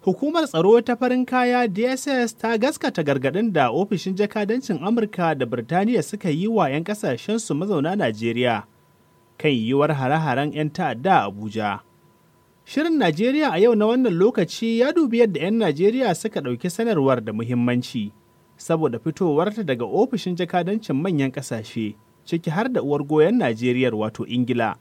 Hukumar tsaro ta farin kaya DSS ta gaskata gargaɗin da ofishin jakadancin Amurka da Birtaniya suka yi wa 'yan su mazauna Najeriya kan yiwuwar hare-haren 'yan ta'adda a Abuja. Shirin Najeriya a yau na wannan lokaci ya dubi yadda 'yan Najeriya suka ɗauki sanarwar da muhimmanci saboda fitowarta daga ofishin jakadancin manyan ƙasashe ciki har da uwar goyon Najeriya wato Ingila.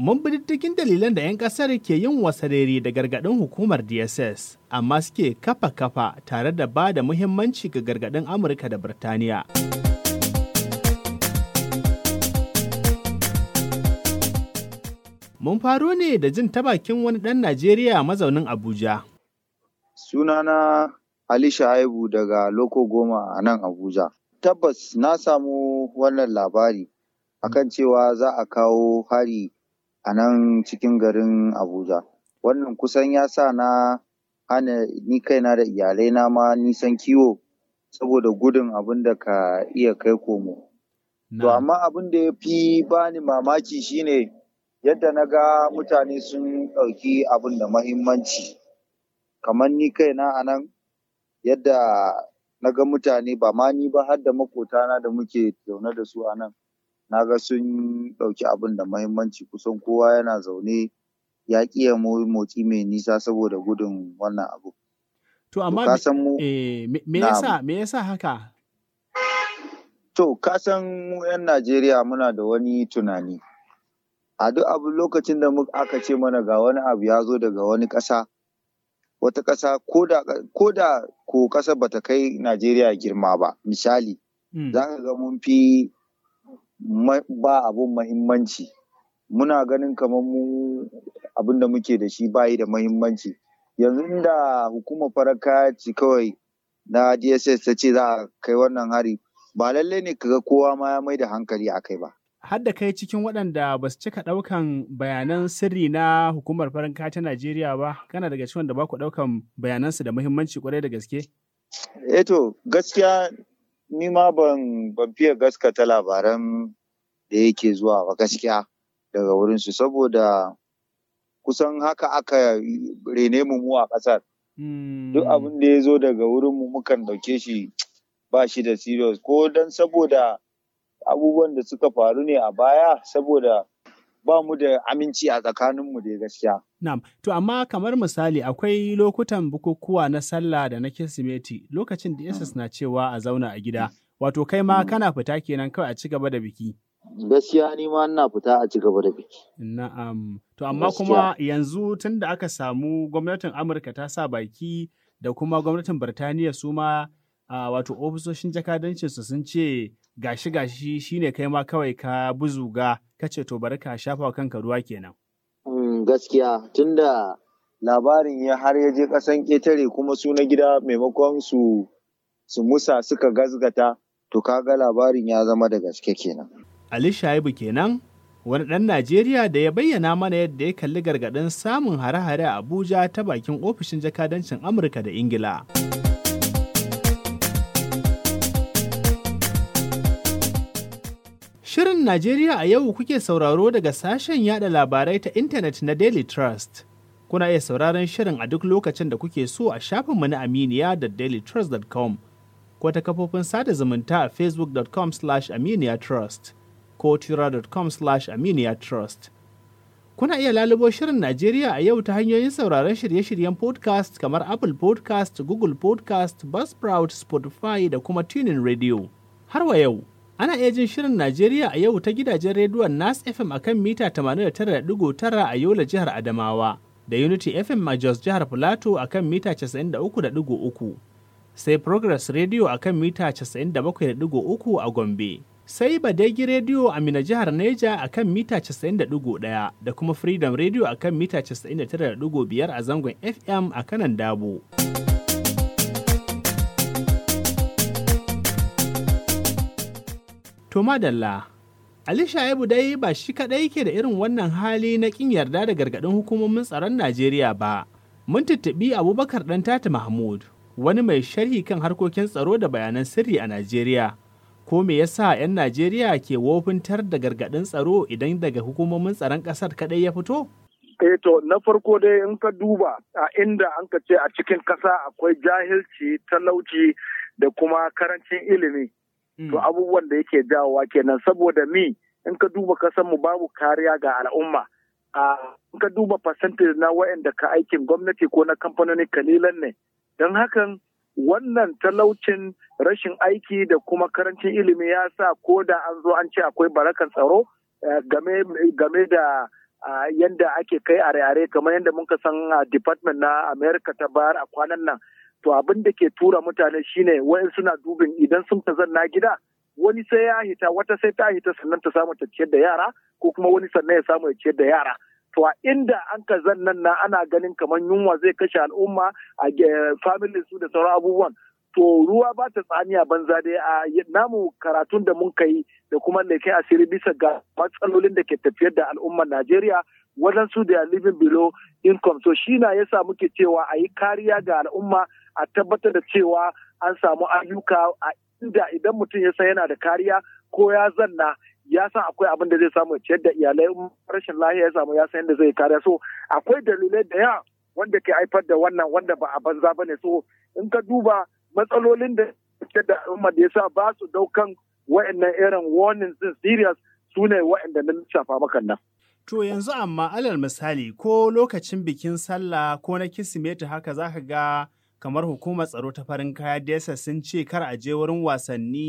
Mun bi diddigin dalilan da 'yan ƙasar ke yin wasarere da gargaɗin hukumar DSS, amma suke kafa-kafa tare da ba da muhimmanci ga gargaɗin Amurka da Birtaniya. Mun faro ne da jin ta bakin wani ɗan Najeriya mazaunin Abuja. Sunana Ali Shaibu daga Loko Goma a nan Abuja. Tabbas na samu wannan labari akan cewa za a kawo hari a nan cikin garin Abuja. Wannan kusan ya sa na hana ni kaina da iyalaina na ma nisan kiwo saboda gudun abin da ka iya kai komo. To amma abin da ya fi bani mamaki shine yadda na ga mutane sun ɗauki abin da mahimmanci. Kamar ni kaina a nan yadda na ga mutane ba ma ni ba har da makotana da muke zaune da su a nan. na ga sun ɗauki abin da mahimmanci kusan kowa yana zaune ya ƙiya motsi mai nisa saboda gudun wannan abu. To amma eh, me yasa me haka? To kasan mu 'yan Najeriya muna da wani tunani. A duk abu lokacin da aka ce mana ga wani abu ya zo daga wani ƙasa, wata ƙasa ko da ko ƙasa bata kai Najeriya girma ba, misali, mm. za ka ga mun fi ba abun mahimmanci muna ganin kamar mu abin da muke da shi bayi da mahimmanci yanzu da hukumar faraka ci kawai na dss ta ce za a kai wannan hari ba lallai ne kaga kowa ma ya mai da hankali a kai ba har kai cikin waɗanda ba su cika ɗaukan bayanan sirri na hukumar faranka ta Najeriya ba kana daga cikin wanda ba ku ɗaukan bayanansu da muhimmanci kwarai da gaske? Eto eh gaskiya ni ma ban fiye gaskata labaran da yake zuwa ba gaskiya daga wurinsu saboda kusan haka aka rene mu mu a ƙasar. Hmm. Duk abin da ya zo daga wurin mu mukan ɗauke shi ba shi da serious ko don saboda abubuwan da suka faru ne a baya saboda ba mu da aminci a tsakaninmu da gaskiya. Na'am, to amma kamar misali akwai lokutan bukukuwa na sallah da na kirsimeti lokacin da Yesus na cewa a zauna a gida, wato kai ma kana fita kenan kawai a ci da biki. Gaskiya ni ma ina fita a ci da biki. Na'am, to amma kuma yanzu tun da aka samu gwamnatin Amurka ta sa baki da kuma gwamnatin Birtaniya su ma wato ofisoshin jakadancinsu sun ce gashi gashi shine kai ma kawai ka buzuga ka ce to bari ka shafa kanka ruwa kenan. Mm, gaskiya tunda labarin ya har ya je ƙasan ƙetare kuma su na gida maimakon su su musa suka gazgata to kaga labarin ya zama da gaske kenan. Ali Shaibu kenan wani ɗan Najeriya da ya bayyana mana yadda ya kalli gargaɗin samun hare-hare a Abuja ta bakin ofishin jakadancin Amurka da Ingila. Shirin Najeriya a yau kuke sauraro daga sashen yada labarai ta intanet na Daily Trust. Kuna iya sauraron shirin a duk lokacin da kuke so a shafinmu na Aminiya da dailytrust.com ko ta kafofin sada zumunta a facebook.com slash aminiyatrust ko twitter.com slash aminiyatrust. Kuna iya lalubo shirin Najeriya a yau ta hanyoyin sauraron shirye-shiryen podcast kamar Apple podcast, Google podcast, Buzzsprout, Spotify da kuma Tuning Radio. Har wa yau, Ana iya jin shirin Najeriya a yau ta gidajen rediyon Nas FM a kan mita 89.9 a Yola jihar Adamawa da Unity FM a Jos jihar Filato a kan mita 93.3 sai Progress Radio a kan mita 97.3 a Gombe. Sai Badegi Radio a Mina jihar Neja a kan mita 90.1 da kuma Freedom Radio a kan mita 99.5 a zangon FM a kanan Dabo. To madalla, Ali Shaibu dai ba shi kaɗai yake da irin wannan hali na ƙin yarda da gargaɗin hukumomin tsaron Najeriya ba. Mun tattabi Abubakar ɗan tati Mahmud, wani mai sharhi kan harkokin tsaro da bayanan sirri a Najeriya. Ko me yasa 'yan Najeriya ke wofintar da gargaɗin tsaro idan daga hukumomin tsaron ƙasar kaɗai ya fito? Eh to na farko dai in ka duba a inda an ka ce a cikin ƙasa akwai jahilci, talauci da kuma karancin ilimi. To mm. abubuwan da yake jawowa kenan saboda mi in ka duba kasan mu babu kariya ga al'umma. In ka duba percentage na wa'anda ka aikin gwamnati ko na kamfanoni kalilan ne. Don hakan wannan talaucin rashin aiki da kuma karancin ilimi ya sa ko da an zo an ce akwai barakan tsaro eh, game da yadda ake kai are-are kamar yadda muka san department na america ta bayar a kwanan nan to abin da ke tura mutane shine wani suna dubin idan sun ta zanna gida wani sai ya hita wata sai ta hita sannan ta samu ta ciyar da yara ko kuma wani sannan ya samu ya ciyar da yara to a inda an ka zannan na ana ganin kamar yunwa zai kashe al'umma a family su da sauran abubuwan to ruwa ba ta tsamiya banza dai a namu karatun da mun kai da kuma kai asiri bisa ga matsalolin da ke tafiyar da al'ummar Najeriya wajen su da living below income so shi na yasa muke cewa a yi kariya ga al'umma a tabbatar da cewa an samu ayyuka a inda idan mutum ya san yana da kariya ko ya zanna ya san akwai abin da zai samu ciyar da iyalai rashin lahiya ya samu ya san yadda zai kariya so akwai dalilai da yawa wanda ke haifar da wannan wanda ba a banza ba ne so in ka duba matsalolin da da al'umma da sa ba su daukan wa'annan irin warnings din serious su ne wa'anda na shafa maka nan. To yanzu amma alal misali ko lokacin bikin sallah ko na kirsimeti haka zaka ga kamar hukumar tsaro ta farin kaya desa sun ce kar a je wurin wasanni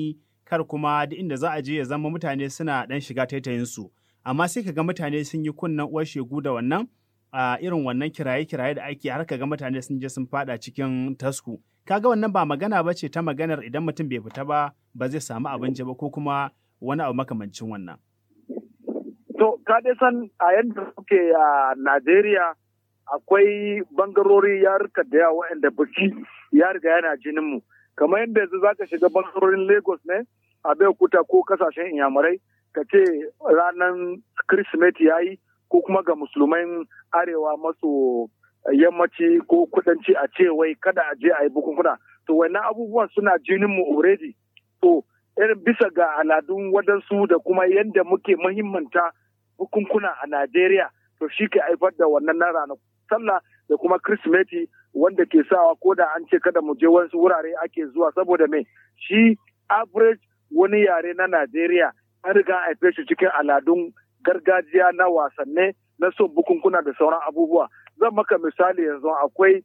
kar kuma duk inda za a je ya zama mutane suna dan shiga taitayinsu amma sai kaga mutane sun yi kunnen uwar shegu da wannan a irin wannan kiraye-kiraye da ake har kaga mutane sun je sun fada cikin tasku kaga wannan ba magana ba ce ta maganar idan mutum bai fita ba ba zai samu abinci ba ko kuma wani abu makamancin wannan. To, ka san a yadda suke a Najeriya akwai bangarori yarurruka da yawa waɗanda baki ya riga yana jinin mu kamar yadda yanzu ka shiga bangarorin lagos ne a kuta ko kasashen inyamurai ka ce ranar kirsimeti ya yi ko kuma ga musulmai arewa maso yammaci ko kudanci a ce wai kada a je a yi bukukuna to wannan abubuwan suna jinin mu already to irin bisa ga aladun wadansu da kuma yadda muke muhimmanta bukunkuna a najeriya to shi ke haifar da wannan na ranaku sallah da kuma kirsimeti wanda ke sawa ko da an ce kada mu je wasu wurare ake zuwa saboda me shi average wani yare na najeriya an riga a shi cikin aladun gargajiya na wasanne na son bukunkuna da sauran abubuwa zan maka misali yanzu akwai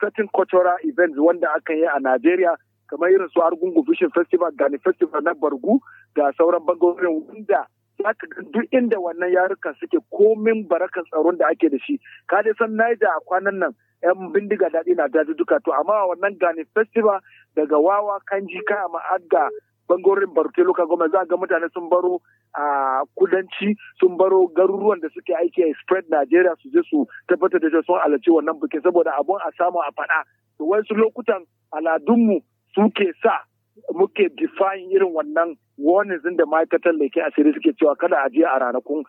certain cultural events wanda aka yi a najeriya kamar irin su argungu fishing festival gani festival na bargu da sauran bangarorin wanda duk inda wannan yarukan suke komin barakan tsaron da ake da shi ka dai san Niger a kwanan nan yan bindiga daɗi na daji duka to amma wannan gani festival daga wawa kanji amma ma'adga bangorin barke ka goma za ga mutane sun baro a kudanci sun baro garuruwan da suke aiki a spread nigeria su je su tabbatar da sun alaci wannan bikin saboda abun a samu a faɗa to wasu lokutan aladunmu suke sa muke define irin wannan warnings din da ma'aikatan laifin asiri suke cewa kada a je a ranakun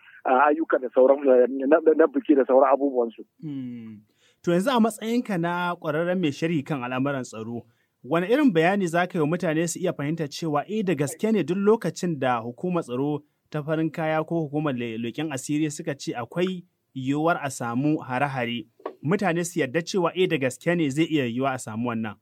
ayyuka da sauran eh, na biki da sauran abubuwansu. Hmm. To yanzu a matsayinka na ƙwararren mai shari kan al'amuran tsaro, wani irin bayani za ka yi mutane su iya fahimta cewa eh da gaske ne duk lokacin da hukumar tsaro ta farin kaya ko hukumar leƙen asiri suka ce akwai yiwuwar a samu hare-hare mutane su yarda cewa eh da gaske ne zai iya yiwuwa a samu wannan.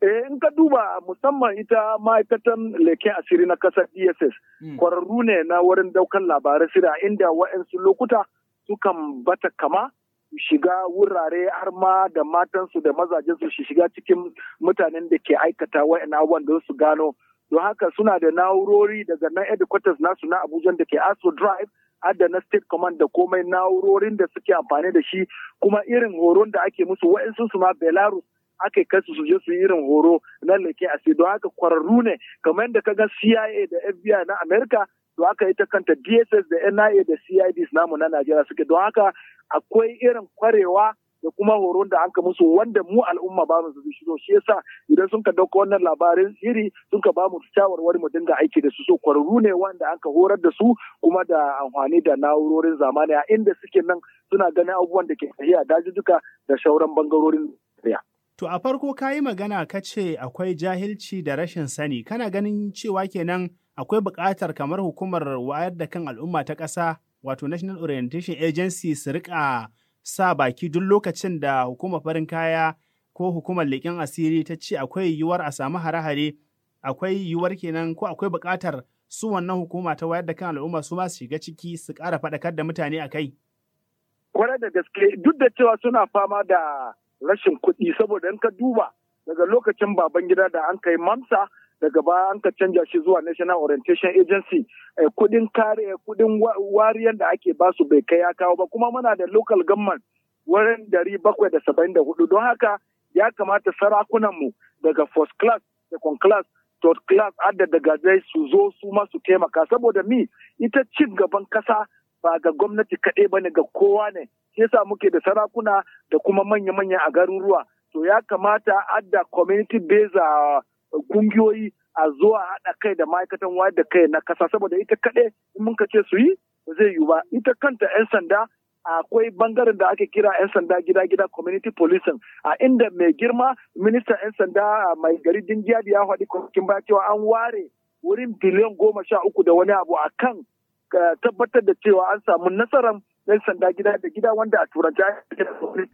Eh, in ka duba musamman ita ma'aikatan leken asiri na kasar DSS, hmm. kwararru ne na wurin daukan labarai sira inda wa'ansu lokuta sukan bata kama shiga wurare har ma da matansu da mazajensu su shiga cikin mutanen da ke aikata wa'yan abubuwan su gano. Don haka suna da na'urori daga nan headquarters nasu na Abuja da ke aso Drive adda na state command da komai na'urorin da suke amfani da shi kuma irin horon da ake musu wa'yansu su ma Belarus aka kai su je su yi irin horo na leke a sai don haka kwararru ne kamar yadda ka ga CIA da FBI na Amerika to haka ita kanta DSS da NIA da CIDs namu na Najeriya suke don haka akwai irin kwarewa da kuma horon da an ka musu wanda mu al'umma ba mu su shiro shi yasa idan sun ka dauko wannan labarin siri sun ka ba mu shawarwari mu dinga aiki da su so kwararru ne wanda an ka horar da su kuma da amfani da na'urorin zamani a inda suke nan suna ganin abubuwan da ke tafiya dajujjuka da shauran bangarorin duniya. To a farko ka yi magana ka ce akwai jahilci da rashin sani, kana ganin cewa kenan akwai buƙatar kamar hukumar wayar da kan al'umma ta ƙasa wato National Orientation Agency su riƙa sa baki duk lokacin da hukumar farin kaya ko hukumar leƙen asiri ta ce akwai yiwuwar a samu hare-hare, akwai yiwuwar kenan ko akwai buƙatar su wannan hukuma ta wayar da kan al'umma su ma su shiga ciki su ƙara faɗakar da mutane a kai. Kwarai da gaske duk da cewa suna fama da rashin kuɗi saboda in ka duba daga lokacin baban gida da an kai mamsa daga baya an ka canja shi zuwa national orientation agency eh, kuɗin kare kuɗin wariyar da ake basu bai kai ya kawo ba kuma muna da local government wurin dari bakwai da saba'in da hudu don haka ya kamata sarakunan mu daga first class second class third class adda da gazai su zo su ma su taimaka saboda mi ita cin gaban kasa ba ga gwamnati kaɗai ba ne ga kowa ne shi yasa muke da sarakuna da kuma manya-manya a garuruwa to ya kamata adda community based uh, kungiyoyi a zuwa haɗa kai da ma'aikatan wayar da kai na kasa saboda ita kaɗai in mun ce su yi ba zai yiwu ba ita kanta 'yan sanda akwai bangaren da ake kira 'yan sanda gida-gida community policing a inda mai girma minista 'yan sanda mai gari dingiya ya faɗi kwanakin baya cewa an ware wurin biliyan goma sha uku da wani abu a kan tabbatar da cewa an samu nasarar 'yan sanda gida da gida wanda a turanci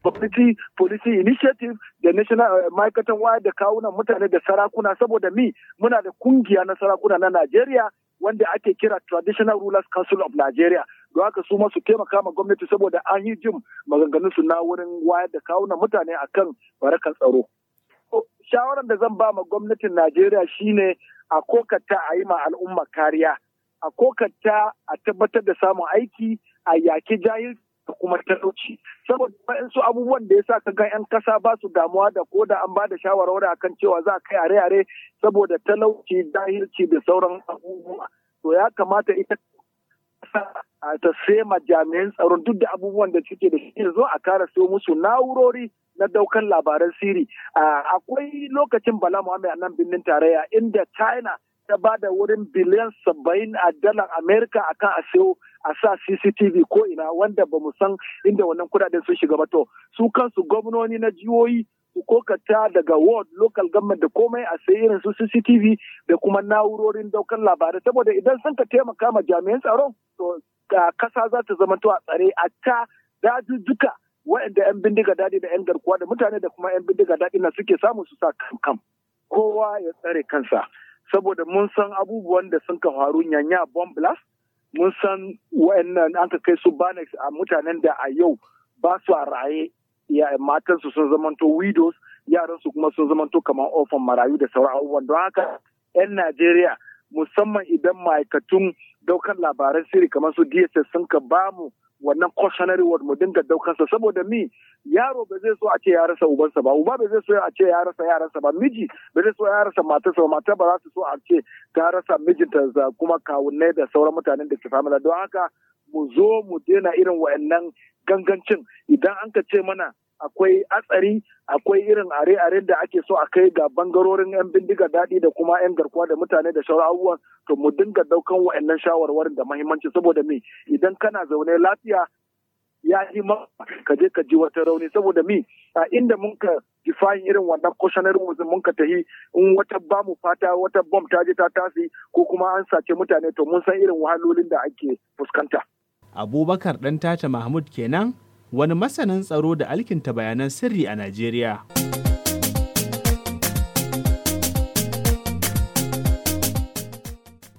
community policy initiative da national eh, ma'aikatan waya da kawunan mutane da sarakuna saboda mi muna da kungiya na sarakuna na Najeriya wanda ake kira Traditional Rulers Council of Nigeria. Don haka su masu taimaka ma gwamnati saboda an yi jin maganganun su na wurin wayar da kawunan mutane akan barakan tsaro. Shawaran da zan ba ma gwamnatin Najeriya shine a kokata a yi ma al'umma kariya, a kokata a tabbatar da samun aiki, a yaki jahil da kuma talauci saboda waɗansu abubuwan da ya sa ga 'yan kasa ba su damuwa da ko da an ba da shawarwari akan cewa za a kai yare are saboda talauci jahilci da sauran abubuwa to ya kamata ita ta sema jami'an tsaron duk da abubuwan da suke da shi zo a kara siyo musu na'urori na daukan labaran siri akwai lokacin bala Muhammad a nan birnin tarayya inda china ta ba da wurin biliyan saba'in a dalar amerika akan a sayo a sa cctv ko ina wanda ba mu san inda wannan kudaden sun shiga ba to su kansu gwamnoni na jihohi su kokata daga ward local government da komai a sayi irin su cctv da kuma na'urorin daukar labarai saboda idan sun ka taimaka ma jami'an tsaron to ga kasa za ta zama to a tsare a ta dajujjuka waɗanda 'yan bindiga daɗi da 'yan garkuwa da mutane da kuma 'yan bindiga daɗi na suke samu su sa kam kowa ya tsare kansa saboda mun san abubuwan da sun ka faru nyanya bomb blast mun san wa'annan an ka kai su banex a mutanen da a yau ba su a raye matansu sun zamanto widows yaransu kuma sun zamanto kamar ofan marayu da sauran abubuwan don haka 'yan najeriya musamman idan ma'aikatun daukan labaran sirri kamar su dss sun ka bamu wannan cautionary word mu dinga daukarsa saboda mi yaro ba zai so a ce ya rasa ubansa ba uba ba zai so a ce ya rasa yaransa ba miji ba zai so ya rasa matarsa ba mata ba za su so a ce ta rasa mijinta kuma kawunnai da sauran mutanen da ke famila don haka mu zo mu dena irin wa'annan gangancin idan an ka ce mana akwai atsari akwai irin are-are da ake so a kai ga bangarorin 'yan bindiga daɗi da kuma 'yan garkuwa da mutane da shauran abubuwan to mu dinga daukan wa'annan shawarwarin da mahimmanci saboda me idan kana zaune lafiya ya yi ma ka je ka ji wata rauni saboda mi a inda mun ka jifayin irin wannan kushanar musu mun ka tahi in wata ba mu fata wata bom ta je ta tasi ko kuma an sace mutane to mun san irin wahalolin da ake fuskanta. Abubakar ɗan tata Mahmud kenan wani masanin tsaro da alkinta bayanan sirri a Najeriya.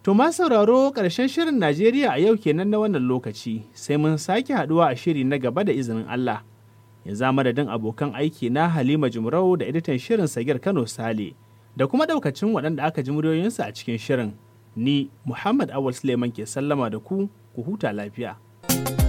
To sauraro ƙarshen shirin Najeriya a yau kenan na wannan lokaci sai mun sake haɗuwa a shiri na gaba da izinin Allah. ya Yanzu madadin abokan aiki na Halima Jumrau da editan shirin Sagir Kano Sale da kuma ɗaukacin waɗanda aka ji muryoyinsu a cikin shirin. Ni Muhammad Awal Suleiman ke sallama da ku, ku huta lafiya.